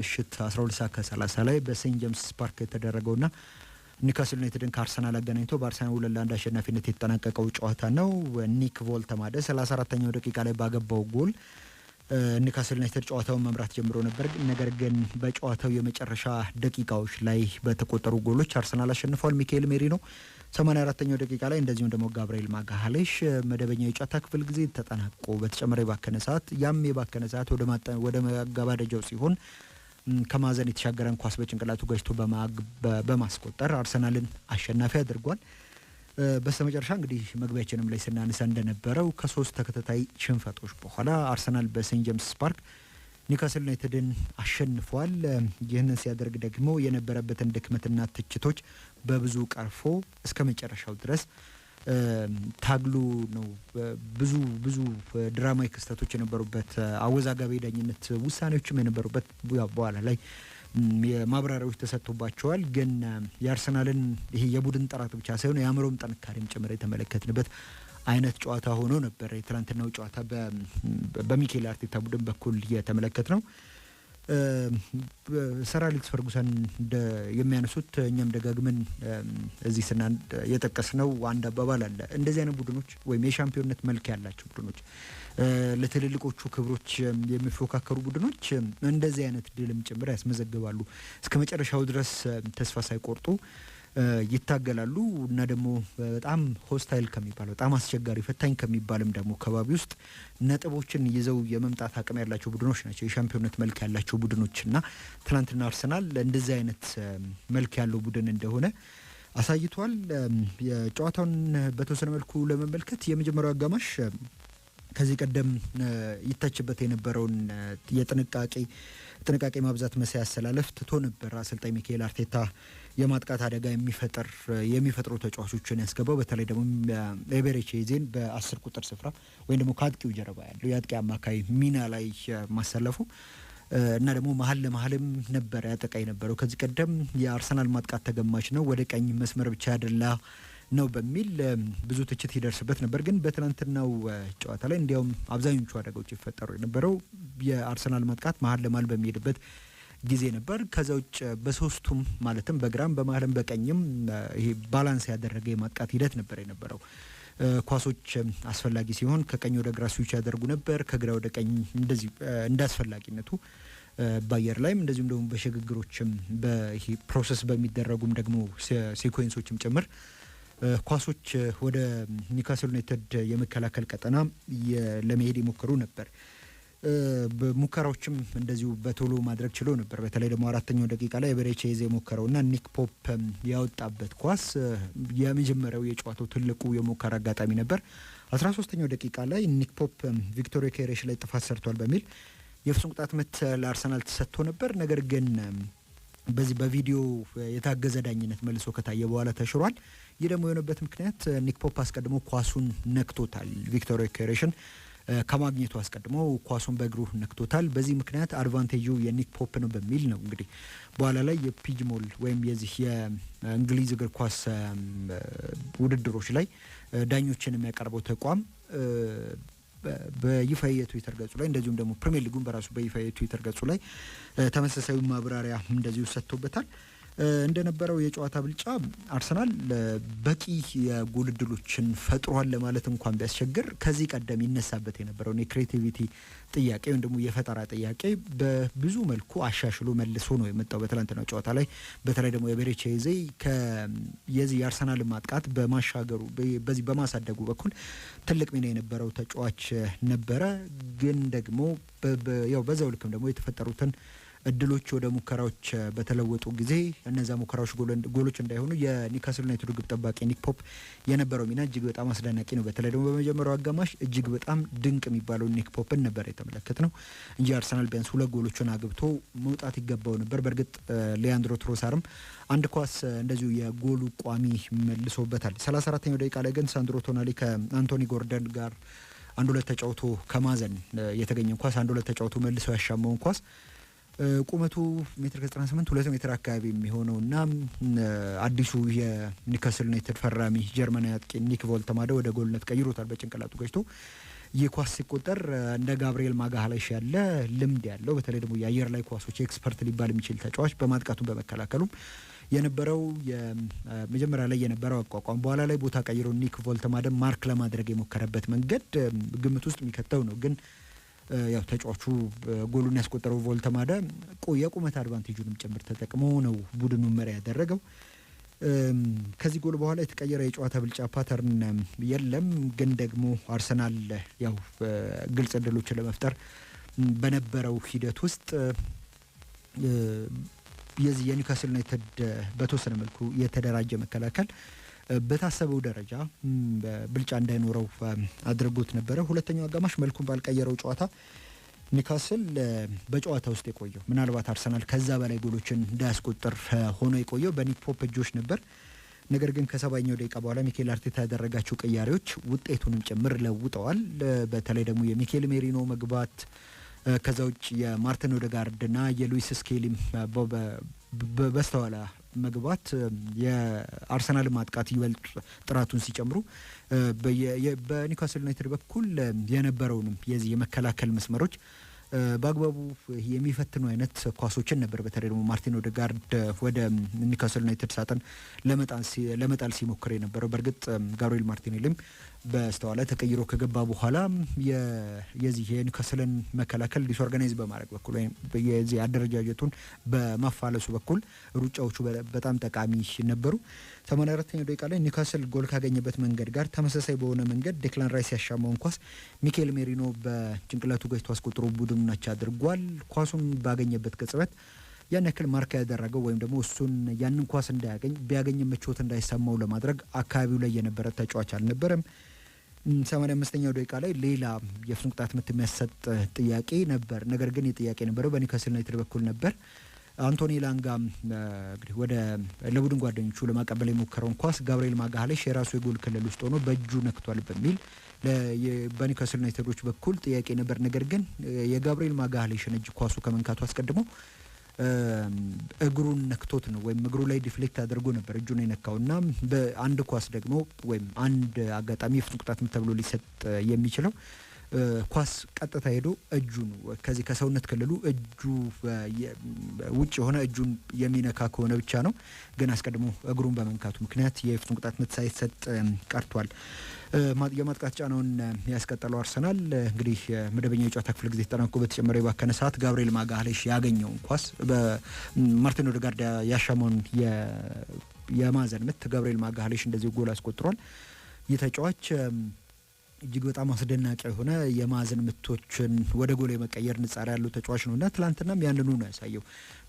ምሽት 12 ሰዓት ከ30 ላይ በሴንት ጀምስ ፓርክ የተደረገው ና ኒካስል ዩናይትድን ከአርሰናል አገናኝቶ በአርሰናል ሁለት ለአንድ አሸናፊነት የተጠናቀቀው ጨዋታ ነው። ኒክ ቮልተማደ 34ኛው ደቂቃ ላይ ባገባው ጎል ኒካስል ዩናይትድ ጨዋታውን መምራት ጀምሮ ነበር። ነገር ግን በጨዋታው የመጨረሻ ደቂቃዎች ላይ በተቆጠሩ ጎሎች አርሰናል አሸንፏል። ሚካኤል ሜሪኖ 84ኛው ደቂቃ ላይ እንደዚሁም ደግሞ ጋብርኤል ማጋሃሌሽ መደበኛ የጨዋታ ክፍል ጊዜ ተጠናቆ በተጨመረ የባከነ ሰዓት ያም የባከነ ሰዓት ወደ ማገባደጃው ሲሆን ከማዘን የተሻገረን ኳስ በጭንቅላቱ ገጭቶ በማስቆጠር አርሰናልን አሸናፊ አድርጓል። በስተመጨረሻ እንግዲህ መግቢያችንም ላይ ስናነሳ እንደነበረው ከሶስት ተከታታይ ሽንፈቶች በኋላ አርሰናል በሴንት ጀምስ ፓርክ ኒውካስል ዩናይትድን አሸንፏል። ይህንን ሲያደርግ ደግሞ የነበረበትን ድክመትና ትችቶች በብዙ ቀርፎ እስከ መጨረሻው ድረስ ታግሉ ነው። ብዙ ብዙ ድራማዊ ክስተቶች የነበሩበት አወዛጋቢ ዳኝነት ውሳኔዎችም የነበሩበት በኋላ ላይ ማብራሪያዎች ተሰጥቶባቸዋል። ግን የአርሰናልን ይሄ የቡድን ጥራት ብቻ ሳይሆን የአእምሮም ጥንካሬም ጭምር የተመለከትንበት አይነት ጨዋታ ሆኖ ነበር። የትናንትናው ጨዋታ በሚኬል አርቴታ ቡድን በኩል የተመለከት ነው። ሰር አሌክስ ፈርጉሰን የሚያነሱት እኛም ደጋግመን እዚህ ስና ነው አንድ አባባል አለ። እንደዚህ አይነት ቡድኖች ወይም የሻምፒዮንነት መልክ ያላቸው ቡድኖች፣ ለትልልቆቹ ክብሮች የሚፎካከሩ ቡድኖች እንደዚህ አይነት ድልም ጭምር ያስመዘግባሉ። እስከ መጨረሻው ድረስ ተስፋ ሳይቆርጡ ይታገላሉ እና ደግሞ በጣም ሆስታይል ከሚባል በጣም አስቸጋሪ ፈታኝ ከሚባልም ደግሞ ከባቢ ውስጥ ነጥቦችን ይዘው የመምጣት አቅም ያላቸው ቡድኖች ናቸው። የሻምፒዮነት መልክ ያላቸው ቡድኖች እና ትናንትና አርሰናል እንደዚህ አይነት መልክ ያለው ቡድን እንደሆነ አሳይቷል። የጨዋታውን በተወሰነ መልኩ ለመመልከት የመጀመሪያው አጋማሽ ከዚህ ቀደም ይተችበት የነበረውን የጥንቃቄ ጥንቃቄ ማብዛት መሳይ አሰላለፍ ትቶ ነበር አሰልጣኝ ሚካኤል አርቴታ የማጥቃት አደጋ የሚፈጥር የሚፈጥሩ ተጫዋቾችን ያስገባው። በተለይ ደግሞ ኤቤሬቺ ኤዜን በአስር ቁጥር ስፍራ ወይም ደግሞ ከአጥቂው ጀርባ ያለው የአጥቂ አማካይ ሚና ላይ ማሰለፉ እና ደግሞ መሀል ለመሀልም ነበር ያጠቃ የነበረው። ከዚህ ቀደም የአርሰናል ማጥቃት ተገማች ነው፣ ወደ ቀኝ መስመር ብቻ ያደላ ነው በሚል ብዙ ትችት ይደርስበት ነበር። ግን በትናንትናው ጨዋታ ላይ እንዲያውም አብዛኞቹ አደጋዎች ይፈጠሩ የነበረው የአርሰናል ማጥቃት መሀል ለመሀል በሚሄድበት ጊዜ ነበር። ከዛ ውጭ በሶስቱም ማለትም በግራም በመሀልም በቀኝም ይሄ ባላንስ ያደረገ የማጥቃት ሂደት ነበር የነበረው። ኳሶች አስፈላጊ ሲሆን ከቀኝ ወደ ግራ ስዊች ያደርጉ ነበር፣ ከግራ ወደ ቀኝ እንደዚህ እንደ አስፈላጊነቱ በአየር ላይም እንደዚሁም ደግሞ በሽግግሮችም በፕሮሰስ በሚደረጉም ደግሞ ሴኮንሶችም ጭምር ኳሶች ወደ ኒውካስል ዩናይትድ የመከላከል ቀጠና ለመሄድ የሞከሩ ነበር። ሙከራዎችም እንደዚሁ በቶሎ ማድረግ ችሎ ነበር። በተለይ ደግሞ አራተኛው ደቂቃ ላይ በሬቼ ይዘ የሞከረው እና ኒክ ፖፕ ያወጣበት ኳስ የመጀመሪያው የጨዋታው ትልቁ የሙከራ አጋጣሚ ነበር። አስራ ሶስተኛው ደቂቃ ላይ ኒክ ፖፕ ቪክቶሪ ኬሬሽ ላይ ጥፋት ሰርቷል በሚል የፍጹም ቅጣት ምት ለአርሰናል ተሰጥቶ ነበር። ነገር ግን በዚህ በቪዲዮ የታገዘ ዳኝነት መልሶ ከታየ በኋላ ተሽሯል። ይህ ደግሞ የሆነበት ምክንያት ኒክ ፖፕ አስቀድሞ ኳሱን ነክቶታል። ቪክቶር ዮኬሬሽን ከማግኘቱ አስቀድሞ ኳሱን በእግሩ ነክቶታል። በዚህ ምክንያት አድቫንቴጁ የኒክ ፖፕ ነው በሚል ነው እንግዲህ በኋላ ላይ የፒጅሞል ወይም የዚህ የእንግሊዝ እግር ኳስ ውድድሮች ላይ ዳኞችን የሚያቀርበው ተቋም በይፋ የትዊተር ገጹ ላይ እንደዚሁም ደግሞ ፕሪሚየር ሊጉን በራሱ በይፋ የትዊተር ገጹ ላይ ተመሳሳዩ ማብራሪያ እንደዚሁ ሰጥቶበታል። እንደነበረው የጨዋታ ብልጫ አርሰናል በቂ የጎል እድሎችን ፈጥሯል ለማለት እንኳን ቢያስቸግር ከዚህ ቀደም ይነሳበት የነበረውን የክሬቲቪቲ ጥያቄ ወይም ደግሞ የፈጠራ ጥያቄ በብዙ መልኩ አሻሽሎ መልሶ ነው የመጣው በትላንትናው ጨዋታ ላይ። በተለይ ደግሞ የቤሬቼ ይዜ የዚህ የአርሰናል ማጥቃት በማሻገሩ በዚህ በማሳደጉ በኩል ትልቅ ሚና የነበረው ተጫዋች ነበረ። ግን ደግሞ ያው በዛው ልክም ደግሞ የተፈጠሩትን እድሎች ወደ ሙከራዎች በተለወጡ ጊዜ እነዚያ ሙከራዎች ጎሎች እንዳይሆኑ የኒውካስል ዩናይትድ ግብ ጠባቂ ኒክ ፖፕ የነበረው ሚና እጅግ በጣም አስደናቂ ነው። በተለይ ደግሞ በመጀመሪያው አጋማሽ እጅግ በጣም ድንቅ የሚባለው ኒክ ፖፕን ነበር የተመለከት ነው እንጂ አርሰናል ቢያንስ ሁለት ጎሎችን አግብቶ መውጣት ይገባው ነበር። በእርግጥ ሊያንድሮ ትሮሳርም አንድ ኳስ እንደዚሁ የጎሉ ቋሚ መልሶበታል። ሰላሳ አራተኛው ደቂቃ ላይ ግን ሳንድሮ ቶናሊ ከአንቶኒ ጎርደን ጋር አንድ ሁለት ተጫውቶ ከማዘን የተገኘ ኳስ አንድ ሁለት ተጫውቶ መልሶ ያሻመውን ኳስ ቁመቱ ሜትር ከ98 ሁለት ሜትር አካባቢ የሚሆነው እና አዲሱ የኒውካስል ዩናይትድ ፈራሚ ጀርመናዊ አጥቂ ኒክ ቮልተማደ ወደ ጎልነት ቀይሮታል። በጭንቅላቱ ገጭቶ ይህ ኳስ ሲቆጠር እንደ ጋብርኤል ማጋሃላሽ ያለ ልምድ ያለው በተለይ ደግሞ የአየር ላይ ኳሶች ኤክስፐርት ሊባል የሚችል ተጫዋች በማጥቃቱም በመከላከሉም የነበረው መጀመሪያ ላይ የነበረው አቋቋም በኋላ ላይ ቦታ ቀይሮ ኒክ ቮልተማደ ማርክ ለማድረግ የሞከረበት መንገድ ግምት ውስጥ የሚከተው ነው ግን ያው ተጫዋቹ ጎሉን ያስቆጠረው ቮልተማዳ የቁመት አድቫንቴጁንም ጭምር ተጠቅሞ ነው ቡድኑ መሪያ ያደረገው። ከዚህ ጎል በኋላ የተቀየረ የጨዋታ ብልጫ ፓተርን የለም። ግን ደግሞ አርሰናል ያው ግልጽ እድሎችን ለመፍጠር በነበረው ሂደት ውስጥ የዚህ የኒውካስል ዩናይትድ በተወሰነ መልኩ የተደራጀ መከላከል በታሰበው ደረጃ ብልጫ እንዳይኖረው አድርጎት ነበረ። ሁለተኛው አጋማሽ መልኩን ባልቀየረው ጨዋታ ኒካስል በጨዋታ ውስጥ የቆየው ምናልባት አርሰናል ከዛ በላይ ጎሎችን እንዳያስቆጥር ሆኖ የቆየው በኒፖፕ እጆች ነበር። ነገር ግን ከሰባኛው ደቂቃ በኋላ ሚኬል አርቴታ ያደረጋቸው ቅያሬዎች ውጤቱንም ጭምር ለውጠዋል። በተለይ ደግሞ የሚኬል ሜሪኖ መግባት ከዛ ውጭ የማርቲን ኦዴጋርድና የሉዊስ ስኬሊም በስተኋላ መግባት የአርሰናል ማጥቃት ይበልጥ ጥራቱን ሲጨምሩ በኒውካስል ዩናይትድ በኩል የነበረውንም የዚህ የመከላከል መስመሮች በአግባቡ የሚፈትኑ አይነት ኳሶችን ነበር በተለይ ደግሞ ማርቲን ኦዴጋርድ ወደ ኒውካስል ዩናይትድ ሳጥን ለመጣል ሲሞክር የነበረው። በእርግጥ ጋብሪኤል ማርቲኔሊም በስተኋላ ተቀይሮ ከገባ በኋላ የዚህ የኒውካስልን መከላከል ዲስኦርጋናይዝ በማድረግ በኩል ወይም የዚህ አደረጃጀቱን በማፋለሱ በኩል ሩጫዎቹ በጣም ጠቃሚ ነበሩ። ሰማንያ አራተኛው ደቂቃ ላይ ኒውካስል ጎል ካገኘበት መንገድ ጋር ተመሳሳይ በሆነ መንገድ ዴክላን ራይስ ያሻማውን ኳስ ሚኬል ሜሪኖ በጭንቅላቱ ገጭቶ አስቆጥሮ ቡድን ቡድኑን አድርጓል። ኳሱን ባገኘበት ቅጽበት ያን ያክል ማርካ ያደረገው ወይም ደግሞ እሱን ያንን ኳስ እንዳያገኝ ቢያገኝ ምቾት እንዳይሰማው ለማድረግ አካባቢው ላይ የነበረ ተጫዋች አልነበረም። 85ኛው ደቂቃ ላይ ሌላ የፍጹም ቅጣት ምት የሚያሰጥ ጥያቄ ነበር። ነገር ግን የጥያቄ ነበረው በኒውካስል ዩናይትድ በኩል ነበር። አንቶኒ ላንጋ እንግዲህ ወደ ለቡድን ጓደኞቹ ለማቀበል የሞከረውን ኳስ ጋብርኤል ማጋሃሌሽ የራሱ የጎል ክልል ውስጥ ሆኖ በእጁ ነክቷል በሚል በኒውካስል ዩናይትዶች በኩል ጥያቄ ነበር። ነገር ግን የጋብርኤል ማጋሌሽን እጅ ኳሱ ከመንካቱ አስቀድሞ እግሩን ነክቶት ነው ወይም እግሩ ላይ ዲፍሌክት አድርጎ ነበር እጁን የነካው እና በአንድ ኳስ ደግሞ ወይም አንድ አጋጣሚ የፍጹም ቅጣት ተብሎ ሊሰጥ የሚችለው ኳስ ቀጥታ ሄዶ እጁን ከዚህ ከሰውነት ክልሉ እጁ ውጭ የሆነ እጁን የሚነካ ከሆነ ብቻ ነው። ግን አስቀድሞ እግሩን በመንካቱ ምክንያት የፍጹም ቅጣት ምት ሳይሰጥ ቀርቷል። የማጥቃት ጫናውን ያስቀጠለው አርሰናል እንግዲህ መደበኛ የጨዋታ ክፍለ ጊዜ ተጠናቆ በተጨመረ የባከነ ሰዓት ጋብርኤል ማጋሌሽ ያገኘውን ኳስ በማርቲን ኦዴጋርድ ያሻመውን የማዕዘን ምት ጋብርኤል ማጋሌሽ እንደዚህ ጎል አስቆጥሯል። ይህ ተጫዋች እጅግ በጣም አስደናቂ የሆነ የማዕዘን ምቶችን ወደ ጎል የመቀየር ንጻሪ ያለው ተጫዋች ነው እና ትላንትናም ያንኑ ነው ያሳየው።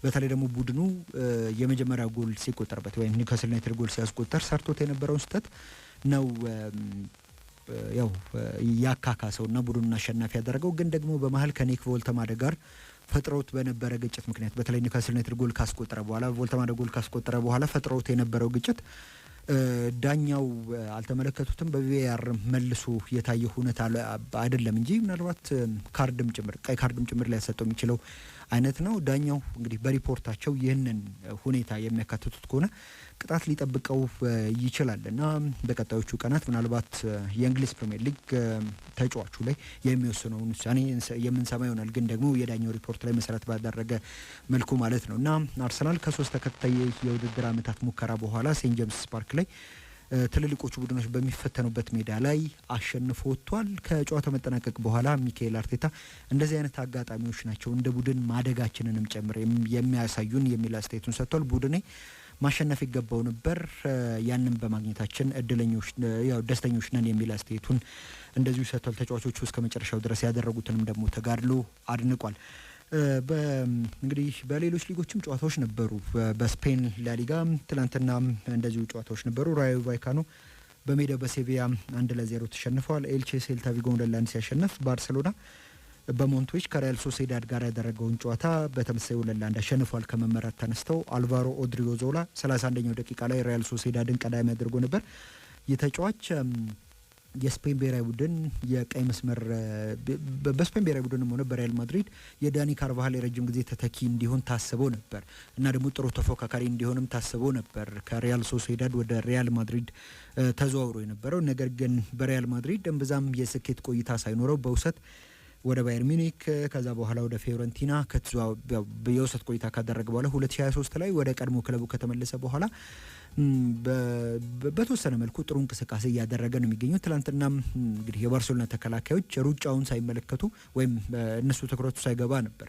በተለይ ደግሞ ቡድኑ የመጀመሪያ ጎል ሲቆጠርበት ወይም ኒውካስል ዩናይትድ ጎል ሲያስቆጠር ሰርቶት የነበረውን ስህተት ነው ያው ያካካሰው እና ቡድኑን አሸናፊ ያደረገው ግን ደግሞ በመሀል ከኒክ ቮልተማደ ጋር ፈጥሮት በነበረ ግጭት ምክንያት በተለይ ኒውካስል ዩናይትድ ጎል ካስቆጠረ በኋላ ቮልተማደ ጎል ካስቆጠረ በኋላ ፈጥሮት የነበረው ግጭት ዳኛው አልተመለከቱትም። በቪአር መልሶ የታየ ሁነት አይደለም እንጂ ምናልባት ካርድም ጭምር ቀይ ካርድም ጭምር ሊያሰጠው የሚችለው አይነት ነው። ዳኛው እንግዲህ በሪፖርታቸው ይህንን ሁኔታ የሚያካትቱት ከሆነ ቅጣት ሊጠብቀው ይችላል እና በቀጣዮቹ ቀናት ምናልባት የእንግሊዝ ፕሪሚየር ሊግ ተጫዋቹ ላይ የሚወስነውን ውሳኔ የምንሰማ ይሆናል። ግን ደግሞ የዳኛው ሪፖርት ላይ መሰረት ባደረገ መልኩ ማለት ነው እና አርሰናል ከሶስት ተከታይ የውድድር ዓመታት ሙከራ በኋላ ሴንት ጀምስ ፓርክ ላይ ትልልቆቹ ቡድኖች በሚፈተኑበት ሜዳ ላይ አሸንፎ ወጥቷል። ከጨዋታው መጠናቀቅ በኋላ ሚካኤል አርቴታ እንደዚህ አይነት አጋጣሚዎች ናቸው እንደ ቡድን ማደጋችንንም ጨምር የሚያሳዩን የሚል አስተያየቱን ሰጥቷል። ቡድኔ ማሸነፍ ይገባው ነበር። ያንን በማግኘታችን እድለኞች ያው ደስተኞች ነን የሚል አስተያየቱን እንደዚሁ ሰጥቷል። ተጫዋቾቹ እስከ መጨረሻው ድረስ ያደረጉትንም ደግሞ ተጋድሎ አድንቋል። እንግዲህ በሌሎች ሊጎችም ጨዋታዎች ነበሩ። በስፔን ላሊጋ ትላንትና እንደዚሁ ጨዋታዎች ነበሩ። ራዮ ቫይካኖ በሜዳው በሴቪያ አንድ ለዜሮ ተሸንፈዋል። ኤልቼ ሴልታ ቪጎን ለአንድ ሲያሸንፍ ባርሴሎና በሞንቶች ከሪያል ሶሴዳድ ጋር ያደረገውን ጨዋታ በተመሳሳይ ሁለት ለአንድ አሸንፏል። ከመመራት ተነስተው አልቫሮ ኦድሪዮ ዞላ 31ኛው ደቂቃ ላይ ሪያል ሶሴዳድን ቀዳሚ አድርጎ ነበር። የተጫዋች የስፔን ብሔራዊ ቡድን የቀይ መስመር በስፔን ብሔራዊ ቡድንም ሆነ በሪያል ማድሪድ የዳኒ ካርቫሃል የረጅም ጊዜ ተተኪ እንዲሆን ታስበው ነበር እና ደግሞ ጥሩ ተፎካካሪ እንዲሆንም ታስበው ነበር ከሪያል ሶሴዳድ ወደ ሪያል ማድሪድ ተዘዋውሮ የነበረው ነገር ግን በሪያል ማድሪድ እምብዛም የስኬት ቆይታ ሳይኖረው በውሰት ወደ ባየር ሚኒክ ከዛ በኋላ ወደ ፊዮረንቲና የውሰት ቆይታ ካደረገ በኋላ 2023 ላይ ወደ ቀድሞ ክለቡ ከተመለሰ በኋላ በተወሰነ መልኩ ጥሩ እንቅስቃሴ እያደረገ ነው የሚገኘው። ትላንትና እንግዲህ የባርሴሎና ተከላካዮች ሩጫውን ሳይመለከቱ ወይም እነሱ ትኩረቱ ሳይገባ ነበር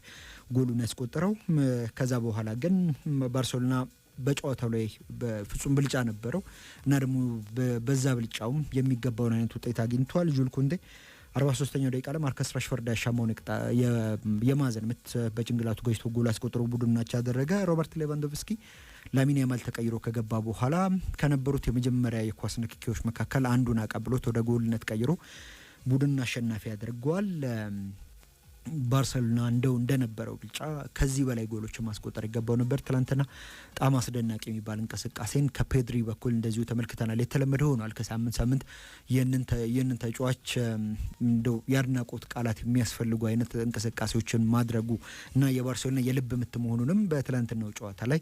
ጎሉን ያስቆጠረው። ከዛ በኋላ ግን ባርሴሎና በጨዋታው ላይ በፍጹም ብልጫ ነበረው እና ደግሞ በዛ ብልጫውም የሚገባውን አይነት ውጤት አግኝቷል ጁል ኩንዴ 43ኛው ደቂቃ ላይ ማርከስ ራሽፈርድ ያሻማውን የማዘን ምት በጭንቅላቱ ገጭቶ ጎል አስቆጥሮ ቡድኑን አቻ ያደረገ ሮበርት ሌቫንዶቭስኪ ላሚን ያማል ተቀይሮ ከገባ በኋላ ከነበሩት የመጀመሪያ የኳስ ንክኪዎች መካከል አንዱን አቀብሎት ወደ ጎልነት ቀይሮ ቡድኑን አሸናፊ ያደርገዋል። ባርሰሎና እንደው እንደነበረው ብልጫ ከዚህ በላይ ጎሎች ማስቆጠር ይገባው ነበር። ትላንትና በጣም አስደናቂ የሚባል እንቅስቃሴን ከፔድሪ በኩል እንደዚሁ ተመልክተናል። የተለመደ ሆኗል። ከሳምንት ሳምንት ይህንን ተጫዋች እንደው ያድናቆት ቃላት የሚያስፈልጉ አይነት እንቅስቃሴዎችን ማድረጉ እና የባርሴሎና የልብ ምት መሆኑንም በትላንትናው ጨዋታ ላይ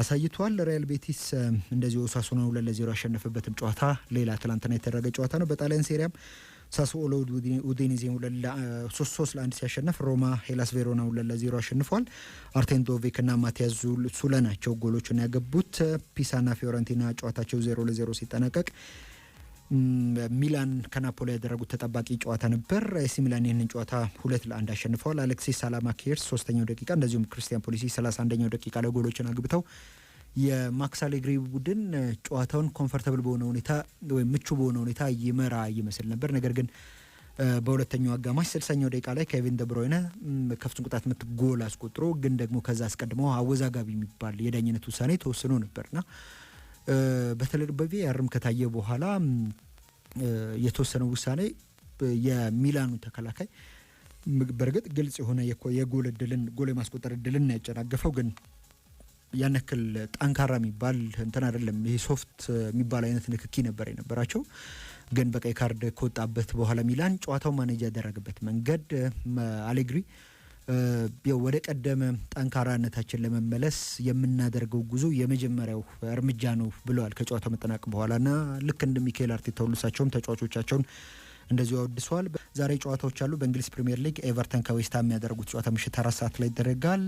አሳይቷል። ሪያል ቤቲስ እንደዚሁ ኦሳሱና ሁለት ለዜሮ ያሸነፈበትም ጨዋታ ሌላ ትላንትና የተደረገ ጨዋታ ነው። በጣሊያን ሴሪያም ሳሱኦሎ ኡዴኒዜን ሶስት ሶስት ለአንድ ሲያሸነፍ ሮማ ሄላስ ቬሮና ሁለት ለዜሮ አሸንፏል። አርቴን ዶቬክ እና ማቲያዝ ሱለ ናቸው ጎሎቹን ያገቡት። ፒሳና ፊዮረንቲና ጨዋታቸው ዜሮ ለዜሮ ሲጠናቀቅ ሚላን ከናፖሊ ያደረጉት ተጠባቂ ጨዋታ ነበር። ኤሲ ሚላን ይህንን ጨዋታ ሁለት ለአንድ አሸንፈዋል። አሌክሲስ ሳላማኬርስ ሶስተኛው ደቂቃ እንደዚሁም ክርስቲያን ፖሊሲ ሰላሳ አንደኛው ደቂቃ ላይ ጎሎችን አግብተው የማክስ አሌግሪ ቡድን ጨዋታውን ኮምፈርተብል በሆነ ሁኔታ ወይም ምቹ በሆነ ሁኔታ ይመራ ይመስል ነበር። ነገር ግን በሁለተኛው አጋማሽ ስልሳኛው ደቂቃ ላይ ኬቪን ደብሮይነ ከፍጹም ቅጣት ምት ጎል አስቆጥሮ ግን ደግሞ ከዛ አስቀድሞ አወዛጋቢ የሚባል የዳኝነት ውሳኔ ተወስኖ ነበርና በተለይ በቪአርም ከታየ በኋላ የተወሰነው ውሳኔ የሚላኑ ተከላካይ በእርግጥ ግልጽ የሆነ የጎል እድልን ጎል የማስቆጠር እድልን ያጨናገፈው ግን ያን ያክል ጠንካራ የሚባል እንትን አይደለም። ይሄ ሶፍት የሚባል አይነት ንክኪ ነበር የነበራቸው። ግን በቀይ ካርድ ከወጣበት በኋላ ሚላን ጨዋታው ማኔጅ ያደረገበት መንገድ አሌግሪ ወደ ቀደመ ጠንካራነታችን ለመመለስ የምናደርገው ጉዞ የመጀመሪያው እርምጃ ነው ብለዋል ከጨዋታው መጠናቅ በኋላ ና ልክ እንደ ሚካኤል አርቴታ ሁሉሳቸውም ተጫዋቾቻቸውን እንደዚሁ ያወድሰዋል። ዛሬ ጨዋታዎች አሉ። በእንግሊዝ ፕሪምየር ሊግ ኤቨርተን ከዌስታ የሚያደርጉት ጨዋታ ምሽት አራት ሰዓት ላይ ይደረጋል።